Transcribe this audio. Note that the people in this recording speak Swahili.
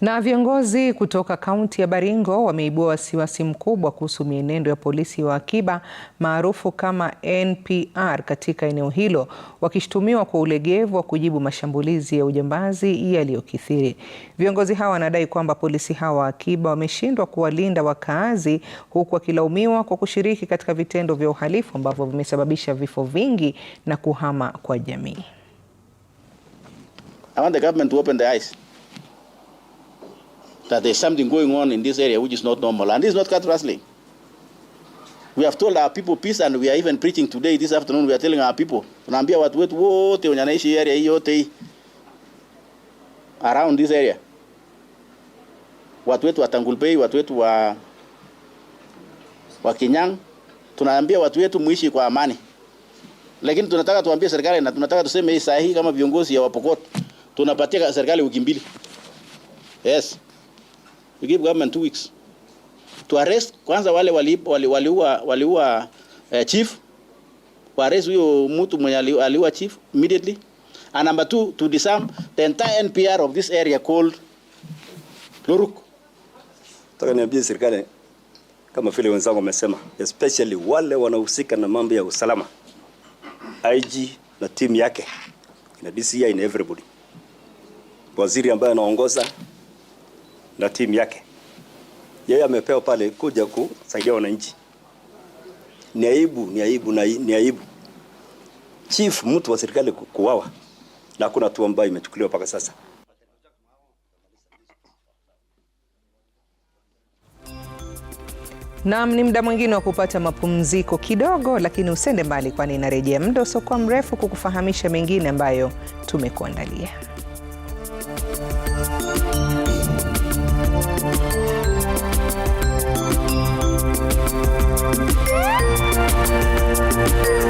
Na viongozi kutoka kaunti ya Baringo wameibua wasiwasi mkubwa kuhusu mienendo ya polisi wa akiba maarufu kama NPR katika eneo hilo, wakishutumiwa kwa ulegevu wa kujibu mashambulizi ya ujambazi yaliyokithiri. Viongozi hawa wanadai kwamba polisi hawa wa akiba wameshindwa kuwalinda wakaazi, huku wakilaumiwa kwa kushiriki katika vitendo vya uhalifu ambavyo vimesababisha vifo vingi na kuhama kwa jamii. I want the government to open the eyes that there's something going on in this area which is not normal. And this is not cattle rustling. We have told our people peace and we are even preaching today, this afternoon, we are telling our people. Nambia watu wetu wote wenye area yote around this area. Watu wetu wa Tangulbei, watu wetu wa wa Kinyang, tunaambia watu wetu muishi kwa amani. Lakini tunataka tuambie serikali na tunataka tuseme hii sahihi kama viongozi ya Wapokot. Tunapatia serikali wiki mbili. Yes. We give government two weeks to arrest kwanza wale waliua wali, wali wali uh, eh, chief wa arrest huyo mtu mwenye aliua chief immediately and number two to disarm the entire NPR of this area called Loruk. Nataka niambie serikali kama vile wenzangu wamesema, especially wale wanahusika na mambo ya usalama, IG na timu yake na DCI na everybody, waziri ambaye anaongoza na timu yake. Yeye amepewa pale kuja kusaidia wananchi. Ni aibu, ni aibu na ni aibu. Chief mtu wa serikali kuuawa na hakuna hatua ambayo imechukuliwa mpaka sasa. Naam, ni muda mwingine wa kupata mapumziko kidogo, lakini usende mbali, kwani inarejea muda usiokuwa mrefu kukufahamisha mengine ambayo tumekuandalia.